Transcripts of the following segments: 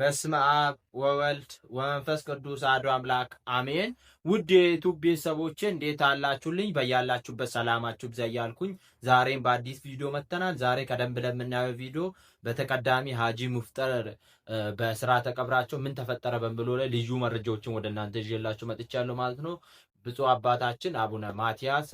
በስመ አብ ወወልድ ወመንፈስ ቅዱስ አሐዱ አምላክ አሜን። ውድ የዩቱብ ቤተሰቦቼ እንዴት አላችሁልኝ? በያላችሁበት ሰላማችሁ ብዛ እያልኩኝ ዛሬም በአዲስ ቪዲዮ መጥተናል። ዛሬ ቀደም ብለን የምናየው ቪዲዮ በተቀዳሚ ሀጂ ሙፍጠር በስርዓተ ቀብራቸው ምን ተፈጠረ በንብሎ ላይ ልዩ መረጃዎችን ወደ እናንተ ይዤላችሁ መጥቻለሁ ማለት ነው። ብፁዕ አባታችን አቡነ ማቲያስ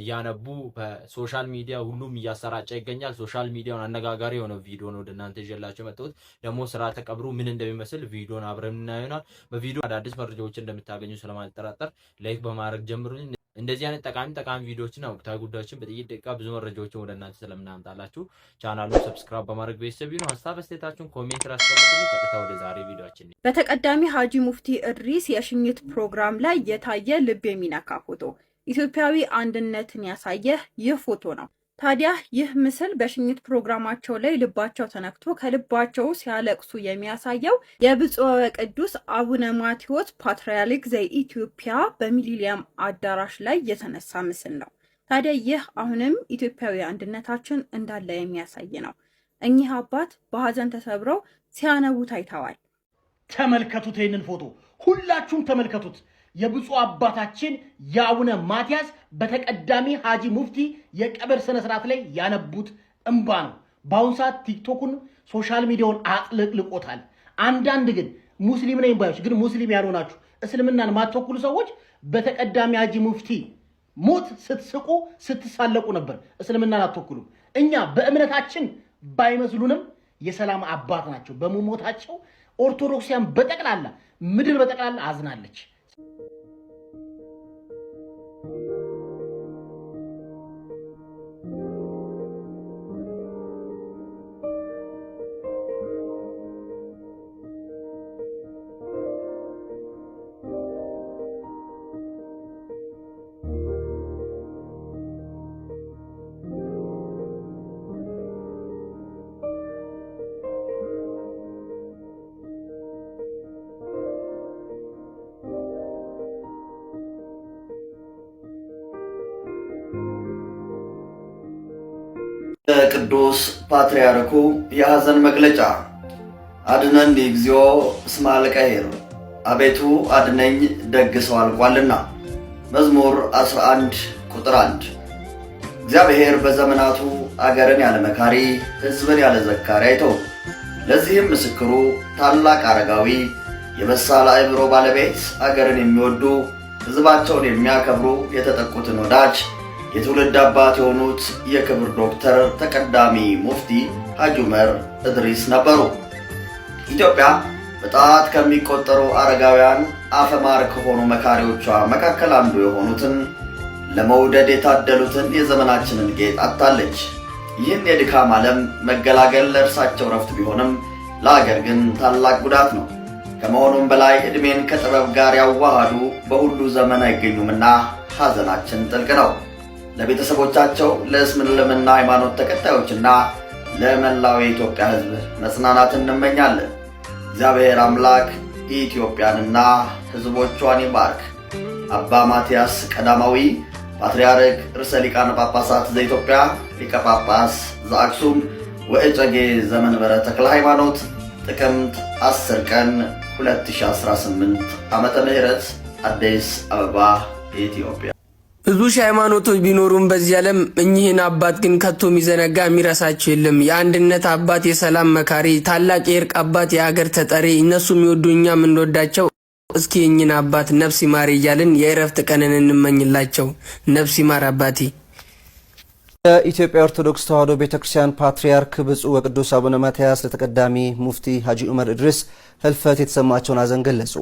እያነቡ በሶሻል ሚዲያ ሁሉም እያሰራጨ ይገኛል። ሶሻል ሚዲያውን አነጋጋሪ የሆነ ቪዲዮ ነው ወደ እናንተ ይዤላቸው የመጣሁት። ደግሞ ስርዓተ ቀብሩ ምን እንደሚመስል ቪዲዮን አብረን እናየናል። በቪዲዮ አዳዲስ መረጃዎች እንደምታገኙ ስለማልጠራጠር ላይክ በማድረግ ጀምሩልኝ። እንደዚህ አይነት ጠቃሚ ጠቃሚ ቪዲዮዎችና ወቅታዊ ጉዳዮችን በጥቂት ደቂቃ ብዙ መረጃዎችን ወደ እናንተ ስለምናምጣላችሁ ቻናሉን ሰብስክራይብ በማድረግ ቤተሰብ ይሁን። ሀሳብ አስተያየታችሁን ኮሜንት ራስቀምጡልኝ። ቀጥታ ወደ ዛሬ ቪዲዮችን። በተቀዳሚ ሀጂ ሙፍቲ እድሪስ የሽኝት ፕሮግራም ላይ የታየ ልብ የሚነካ ፎቶ ኢትዮጵያዊ አንድነትን ያሳየ ይህ ፎቶ ነው። ታዲያ ይህ ምስል በሽኝት ፕሮግራማቸው ላይ ልባቸው ተነክቶ ከልባቸው ሲያለቅሱ የሚያሳየው የብፁዕ ወቅዱስ አቡነ ማቴዎስ ፓትርያርክ ዘኢትዮጵያ በሚሊኒየም አዳራሽ ላይ የተነሳ ምስል ነው። ታዲያ ይህ አሁንም ኢትዮጵያዊ አንድነታችን እንዳለ የሚያሳይ ነው። እኚህ አባት በሀዘን ተሰብረው ሲያነቡ ታይተዋል። ተመልከቱት፣ ይህንን ፎቶ ሁላችሁም ተመልከቱት። የብፁዕ አባታችን የአቡነ ማትያስ በተቀዳሚ ሀጂ ሙፍቲ የቀብር ስነስርዓት ላይ ያነቡት እንባ ነው። በአሁኑ ሰዓት ቲክቶኩን ሶሻል ሚዲያውን አጥልቅልቆታል። አንዳንድ ግን ሙስሊም ነኝ ባዮች ግን ሙስሊም ያልሆናችሁ እስልምናን ማተኩሉ ሰዎች በተቀዳሚ ሀጂ ሙፍቲ ሞት ስትስቁ ስትሳለቁ ነበር። እስልምናን አትወክሉም። እኛ በእምነታችን ባይመስሉንም የሰላም አባት ናቸው። በመሞታቸው ኦርቶዶክሲያን በጠቅላላ ምድር በጠቅላላ አዝናለች። ቅዱስ ፓትርያርኩ የሐዘን መግለጫ አድነን እግዚኦ እስመ አልቀሄር፣ አቤቱ አድነኝ ደግ ሰው አልቋልና። መዝሙር 11 ቁጥር 1 እግዚአብሔር በዘመናቱ አገርን ያለ መካሪ፣ ሕዝብን ያለ ዘካሪ አይተው። ለዚህም ምስክሩ ታላቅ አረጋዊ የበሳል አእምሮ ባለቤት አገርን የሚወዱ ሕዝባቸውን የሚያከብሩ የተጠቁትን ወዳጅ የትውልድ አባት የሆኑት የክብር ዶክተር ተቀዳሚ ሙፍቲ ሐጅ ዑመር እድሪስ ነበሩ። ኢትዮጵያ በጣት ከሚቆጠሩ አረጋውያን አፈማር ከሆኑ መካሪዎቿ መካከል አንዱ የሆኑትን ለመውደድ የታደሉትን የዘመናችንን ጌጥ አጥታለች። ይህን የድካም ዓለም መገላገል ለእርሳቸው ረፍት ቢሆንም ለአገር ግን ታላቅ ጉዳት ነው። ከመሆኑም በላይ ዕድሜን ከጥበብ ጋር ያዋሃዱ በሁሉ ዘመን አይገኙምና ሐዘናችን ጥልቅ ነው። ለቤተሰቦቻቸው ለእስልምና ሃይማኖት ተከታዮችና ለመላው የኢትዮጵያ ሕዝብ መጽናናትን እንመኛለን። እግዚአብሔር አምላክ ኢትዮጵያንና ሕዝቦቿን ይባርክ። አባ ማትያስ ቀዳማዊ ፓትርያርክ ርዕሰ ሊቃነ ጳጳሳት ዘኢትዮጵያ ሊቀ ጳጳስ ዘአክሱም ወእጨጌ ዘመንበረ ተክለ ሃይማኖት ጥቅምት 10 ቀን 2018 ዓመተ ምህረት አዲስ አበባ ኢትዮጵያ ብዙ ሺህ ሃይማኖቶች ቢኖሩም በዚህ ዓለም እኚህን አባት ግን ከቶ የሚዘነጋ የሚረሳቸው የለም። የአንድነት አባት፣ የሰላም መካሪ፣ ታላቅ የእርቅ አባት፣ የአገር ተጠሪ፣ እነሱ የሚወዱ እኛ እንወዳቸው። እስኪ እኚህን አባት ነፍስ ይማር እያልን የእረፍት ቀንን እንመኝላቸው። ነፍስ ይማር አባቴ። የኢትዮጵያ ኦርቶዶክስ ተዋሕዶ ቤተ ክርስቲያን ፓትርያርክ ብፁዕ ወቅዱስ አቡነ ማትያስ ለተቀዳሚ ሙፍቲ ሐጂ ዑመር ኢድሪስ ህልፈት የተሰማቸውን ሐዘን ገለጹ።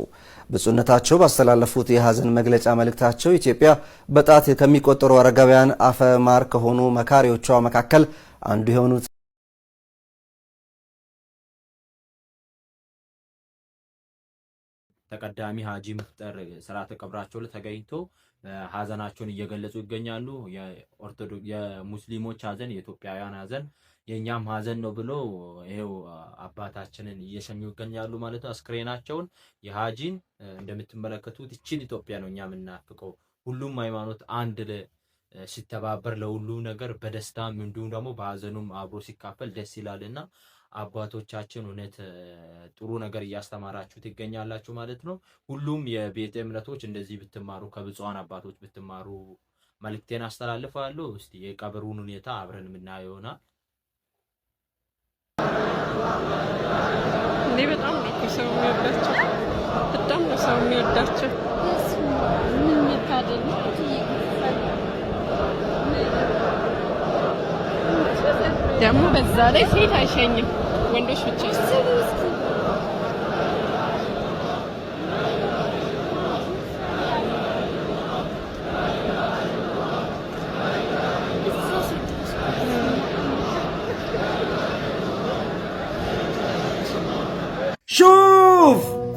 ብፁዕነታቸው ባስተላለፉት የሐዘን መግለጫ መልእክታቸው ኢትዮጵያ በጣት ከሚቆጠሩ አረጋውያን አፈ ማር ከሆኑ መካሪዎቿ መካከል አንዱ የሆኑት ተቀዳሚ ሀጂ ምፍጠር ስርዓተ ቀብራቸው ላይ ተገኝቶ ሀዘናቸውን እየገለጹ ይገኛሉ። የሙስሊሞች ሀዘን፣ የኢትዮጵያውያን ሀዘን የእኛም ሀዘን ነው ብሎ ይሄው አባታችንን እየሸኙ ይገኛሉ ማለት ነው። አስክሬናቸውን የሀጂን እንደምትመለከቱት እችን ኢትዮጵያ ነው እኛ የምናፍቀው። ሁሉም ሃይማኖት አንድ ሲተባበር ለሁሉም ነገር በደስታም እንዲሁም ደግሞ በሀዘኑም አብሮ ሲካፈል ደስ ይላልና አባቶቻችን እውነት ጥሩ ነገር እያስተማራችሁ ትገኛላችሁ ማለት ነው። ሁሉም የቤተ እምነቶች እንደዚህ ብትማሩ፣ ከብፁዓን አባቶች ብትማሩ መልክቴን አስተላልፋለሁ። እስቲ የቀብሩን ሁኔታ አብረን የምናየው ይሆናል። እኔ በጣም ነው ሰው የሚወዳቸው፣ በጣም ነው ሰው የሚወዳቸው። ደግሞ በዛ ላይ ሴት አይሸኝም። window switches.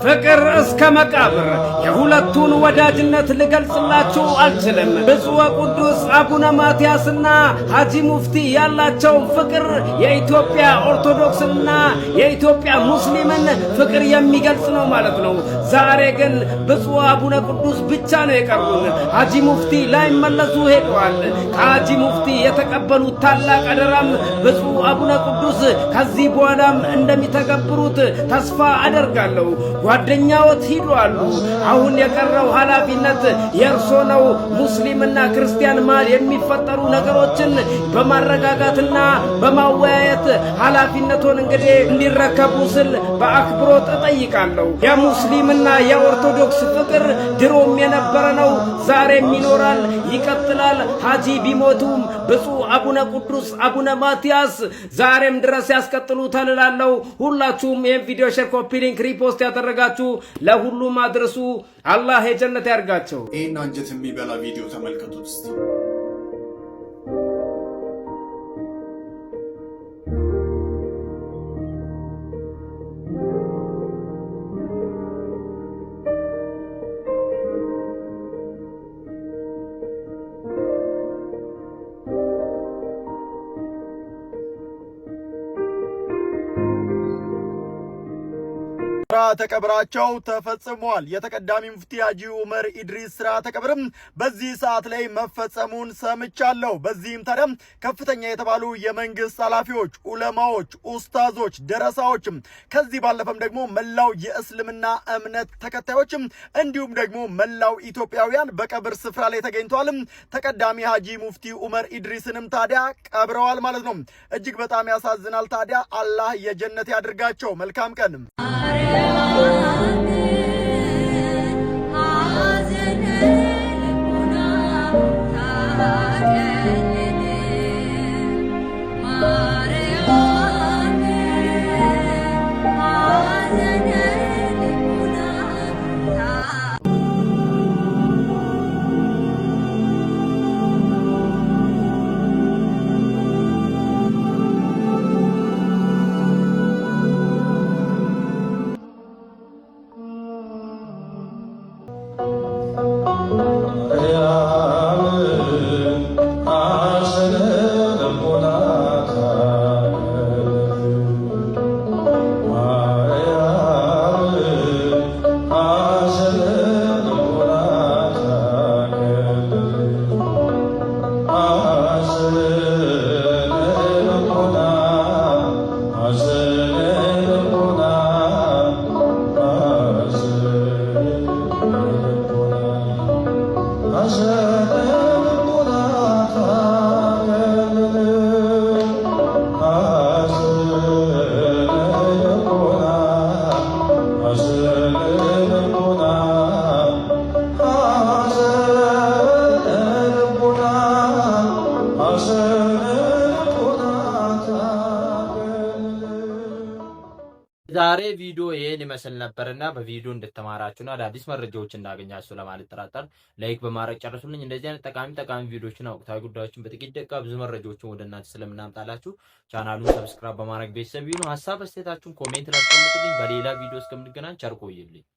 ፍቅር እስከ መቃብር የሁለቱን ወዳጅነት ልገልጽላችሁ አልችልም። ብፁዕ ቅዱስ አቡነ ማትያስና ሐጂ ሙፍቲ ያላቸው ፍቅር የኢትዮጵያ ኦርቶዶክስና የኢትዮጵያ ሙስሊምን ፍቅር የሚገልጽ ነው ማለት ነው። ዛሬ ግን ብፁዕ አቡነ ቅዱስ ብቻ ነው የቀሩን። ሐጂ ሙፍቲ ላይመለሱ ሄደዋል። ከሐጂ ሙፍቲ የተቀበሉት ታላቅ አደራም ብፁዕ አቡነ ቅዱስ ከዚህ በኋላም እንደሚተገብሩት ተስፋ አደርጋለሁ። ጓደኛዎት ሂዱ አሉ። አሁን የቀረው ኃላፊነት የእርሶ ነው። ሙስሊምና ክርስቲያን መሃል የሚፈጠሩ ነገሮችን በማረጋጋትና በማወያየት ኃላፊነቱን እንግዲህ እንዲረከቡ ስል በአክብሮት እጠይቃለሁ። የሙስሊምና የኦርቶዶክስ ፍቅር ድሮም የነበረ ነው፣ ዛሬም ይኖራል፣ ይቀጥላል። ሀጂ ቢሞቱም ብፁዕ አቡነ ቅዱስ አቡነ ማትያስ ዛሬም ድረስ ያስቀጥሉ ተልላለው። ሁላችሁም ይህን ቪዲዮ ሼር፣ ኮፒ ሊንክ፣ ሪፖስት ያደረጋችሁ ለሁሉም አድርሱ። አላህ የጀነት ያርጋቸው። ይህን አንጀት የሚበላ ቪዲዮ ተመልከቱት ስርዓተ ቀብራቸው ተፈጽሟል። የተቀዳሚ ሙፍቲ ሀጂ ኡመር ኢድሪስ ስርዓተ ቀብርም በዚህ ሰዓት ላይ መፈጸሙን ሰምቻለሁ። በዚህም ታዲያም ከፍተኛ የተባሉ የመንግስት ኃላፊዎች፣ ኡለማዎች፣ ኡስታዞች፣ ደረሳዎችም ከዚህ ባለፈም ደግሞ መላው የእስልምና እምነት ተከታዮችም እንዲሁም ደግሞ መላው ኢትዮጵያውያን በቀብር ስፍራ ላይ ተገኝተዋል። ተቀዳሚ ሀጂ ሙፍቲ ኡመር ኢድሪስንም ታዲያ ቀብረዋል ማለት ነው። እጅግ በጣም ያሳዝናል። ታዲያ አላህ የጀነት ያድርጋቸው። መልካም ቀን Lord. የዛሬ ቪዲዮ ይህን ይመስል ነበርና በቪዲዮ እንድትማራችሁና አዳዲስ መረጃዎች እንዳገኛችሁ ለማለት ለማልጠራጠር ላይክ በማድረግ ጨርሱልኝ። እንደዚህ አይነት ጠቃሚ ጠቃሚ ቪዲዮዎችን ወቅታዊ ጉዳዮችን በጥቂት ደቂቃ ብዙ መረጃዎችን ወደ እናንተ ስለምናምጣላችሁ ቻናሉን ሰብስክራይብ በማድረግ ቤተሰብ ቢሆኑ ሀሳብ አስተያየታችሁን ኮሜንት ላስቀምጥልኝ። በሌላ ቪዲዮ እስከምንገናኝ ቸር ቆዩልኝ።